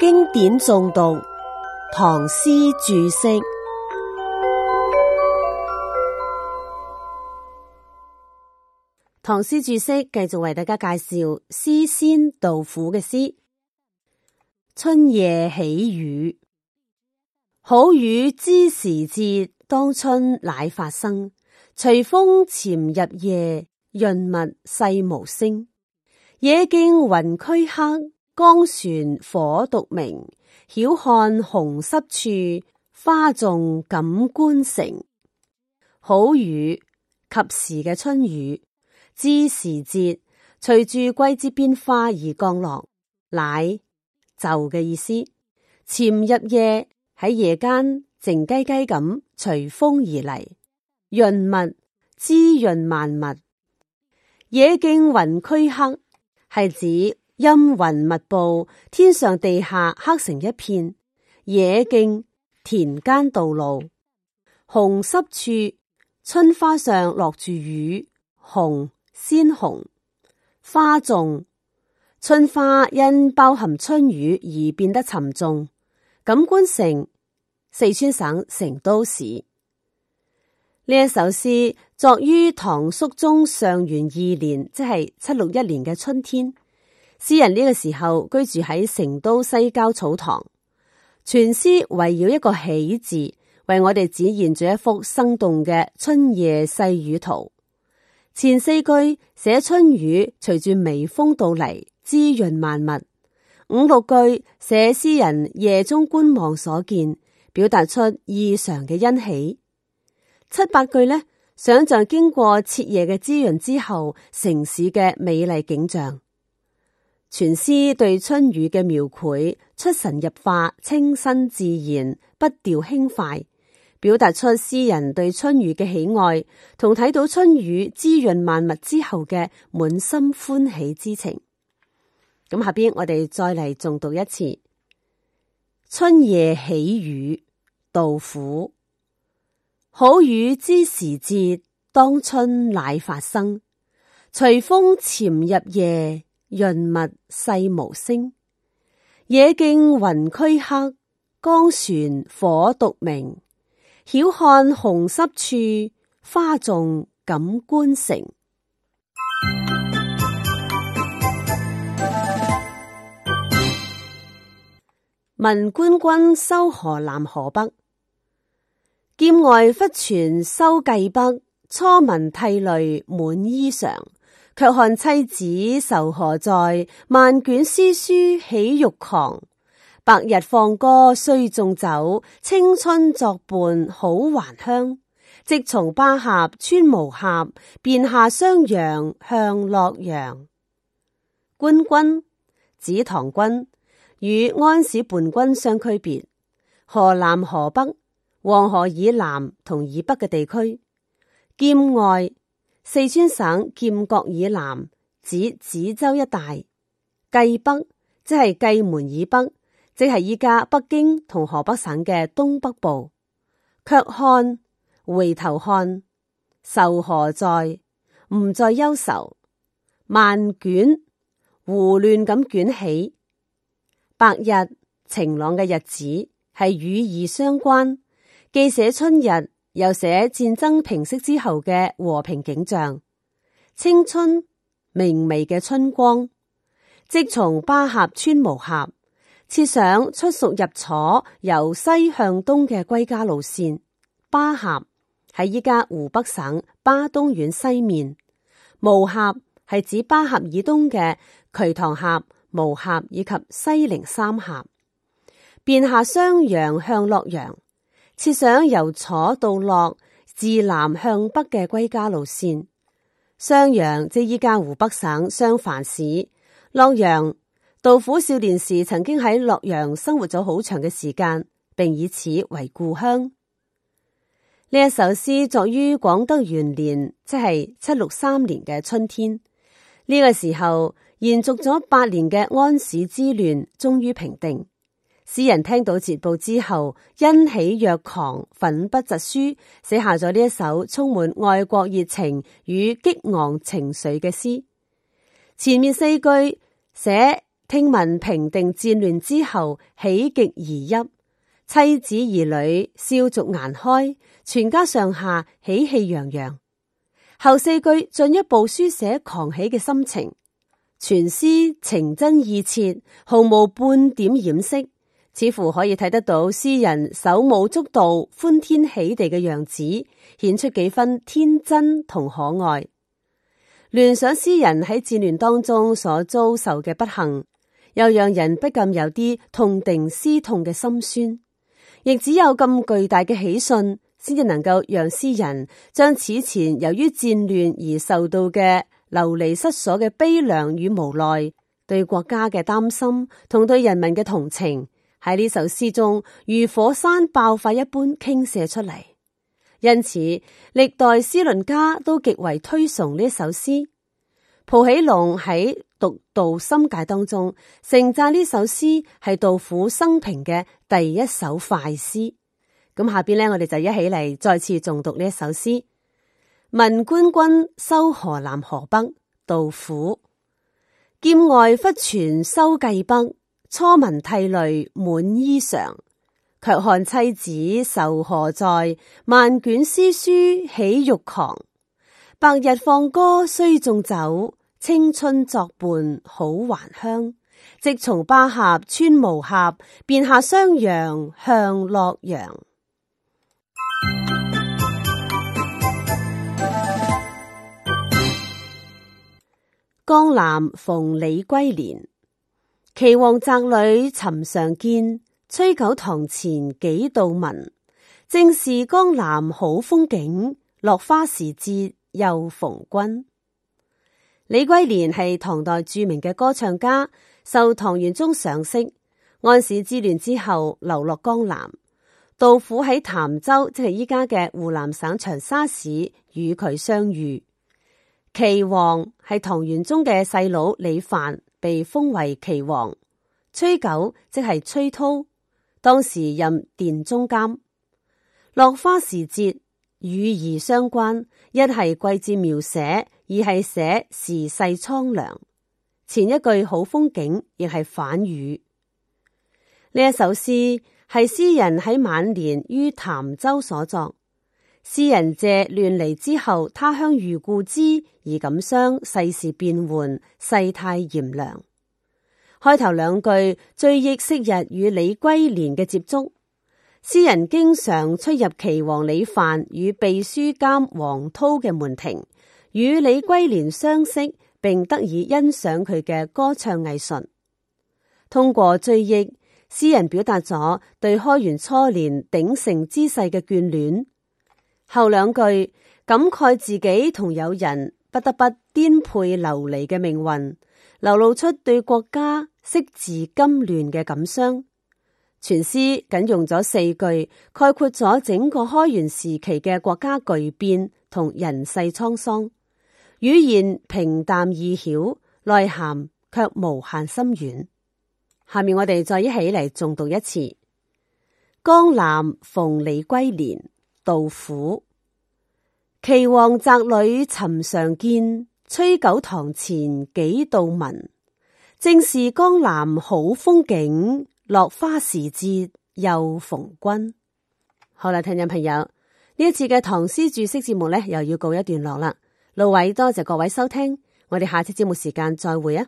經典誦讀，唐詩注釋。唐詩注釋繼續為大家介紹詩仙杜甫嘅詩《春夜喜雨》。好雨知時節，當春乃發生。隨風潛入夜，潤物細，細無聲。野徑雲俱黑。江船火獨明，曉看紅濕處，花重錦官城。好雨及時嘅春雨，知時節，隨住季節變化而降落，乃就嘅意思。潛入夜喺夜間靜雞雞咁隨風而嚟，潤物滋潤萬物。野徑雲俱黑，係指。陰雲密布，天上地下黑成一片。野徑，田間道路。紅濕處，春花上落住雨。紅，鮮紅。花重，春花因包含春雨而變得沉重。錦官城，四川省成都市。呢一首詩作於唐肅宗上元二年，即係七六一年嘅春天。詩人呢個時候居住喺成都西郊草堂。全詩圍繞一個喜字，為我哋展現住一幅生動嘅春夜細雨圖。前四句寫春雨隨住微風到嚟，滋潤萬物；五六句寫詩人夜中觀望所見，表達出異常嘅欣喜。七八句呢，想象經過徹夜嘅滋潤之後，城市嘅美麗景象。全詩對春雨嘅描繪出神入化，清新自然，筆調輕快，表達出詩人對春雨嘅喜愛，同睇到春雨滋潤萬物之後嘅滿心歡喜之情。咁下邊我哋再嚟重讀一次《春夜喜雨》，杜甫：好雨知時節，當春乃發生，隨風潛入夜。潤物細無聲，野徑雲俱黑，江船火獨明。曉看紅濕處，花重錦官城。聞官軍收河南河北，劍外忽傳收薊北，初聞涕淚滿衣裳，卻看妻子愁何在，萬卷詩書喜欲狂。白日放歌須縱酒，青春作伴好還鄉。即從巴峽穿巫峽，便下襄陽向洛陽。官軍指唐軍，與安史叛軍相區別。河南、河北、黃河以南同以北嘅地區，劍外。四川省劍閣以南指梓州一帶，薊北即係薊門以北，即係依家北京同河北省嘅東北部。卻看，回頭看。愁何在，唔再憂愁。漫卷，胡亂咁捲起。白日，晴朗嘅日子，係與義相關，記寫春日。又寫戰爭平息之後嘅和平景象，青春明媚嘅春光，即從巴峽穿巫峽，設想出蜀入楚，由西向東嘅歸家路線。巴峽喺依家湖北省巴東縣西面，巫峽係指巴峽以東嘅瞿塘峽、巫峽以及西陵三峽，便下襄陽向洛陽。設想由楚到洛，自南向北嘅歸家路線。襄陽即依家湖北省襄樊市。洛陽杜甫少年時曾經喺洛陽生活咗好長嘅時間，並以此為故鄉。呢一首詩作於廣德元年，即係七六三年嘅春天。呢、這個時候延續咗八年嘅安史之亂終於平定。詩人聽到捷報之後，欣喜若狂，奮筆疾書，寫下咗呢一首充滿愛國熱情與激昂情緒嘅詩。前面四句寫聽聞平定戰亂之後，喜極而泣，妻子兒女笑逐顏開，全家上下喜氣洋洋。後四句進一步書寫狂喜嘅心情。全詩情真意切，毫無半點掩飾。似乎可以睇得到詩人手舞足蹈、歡天喜地嘅樣子，顯出幾分天真同可愛。聯想詩人喺戰亂當中所遭受嘅不幸，又讓人不禁有啲痛定思痛嘅心酸。亦只有咁巨大嘅喜訊，先至能夠讓詩人將此前由於戰亂而受到嘅流離失所嘅悲涼與無奈，對國家嘅擔心同對人民嘅同情。喺呢首詩中，如火山爆發一般傾瀉出嚟，因此歷代詩論家都極為推崇呢首詩。蒲起龍喺《讀杜心解》當中，盛讚呢首詩係杜甫生平嘅第一首快詩。咁下邊咧，我哋就一起嚟再次誦讀呢一首詩：《聞官軍收河南河北》，杜甫。劍外忽傳收薊北。初聞涕淚滿衣裳，卻看妻子愁何在？漫卷詩書喜欲狂，白日放歌須縱酒，青春作伴好還鄉。即從巴峽穿巫峽，便下襄陽向洛陽。江南逢李龜年。岐王宅裏尋常見，崔九堂前幾度聞。正是江南好風景，落花時節又逢君。李龜年係唐代著名嘅歌唱家，受唐玄宗賞識。安史之亂之後，流落江南。杜甫喺潭州，即係依家嘅湖南省長沙市，與佢相遇。岐王係唐玄宗嘅細佬李範。被封為岐王，崔九即係崔濤，當時任殿中監。落花時節，語意相關，一係季節描寫，二係寫時勢蒼涼。前一句好風景，亦係反語。呢一首詩係詩人喺晚年於潭州所作。詩人借亂離之後他鄉如故知，而感傷，世事變幻，世態炎涼。開頭兩句追憶昔日與李龜年嘅接觸。詩人經常出入岐王李範與祕書監王濤嘅門庭，與李龜年相識，並得以欣賞佢嘅歌唱藝術。通過追憶，詩人表達咗對開元初年鼎盛之勢嘅眷戀。後兩句感慨自己同友人不得不顛沛流離嘅命運，流露出對國家昔盛今亂嘅感傷。全詩僅用咗四句，概括咗整個開元時期嘅國家巨變同人世滄桑。語言平淡易曉，內涵卻無限深遠。下面我哋再一起嚟誦讀一次《江南逢李龜年》。杜甫，岐王宅裏尋常見，崔九堂前幾度聞。正是江南好風景，落花時節又逢君。好啦，聽眾朋友，呢一次嘅唐詩注釋節目呢，又要告一段落啦。老偉多謝各位收聽，我哋下次節目時間再會啊！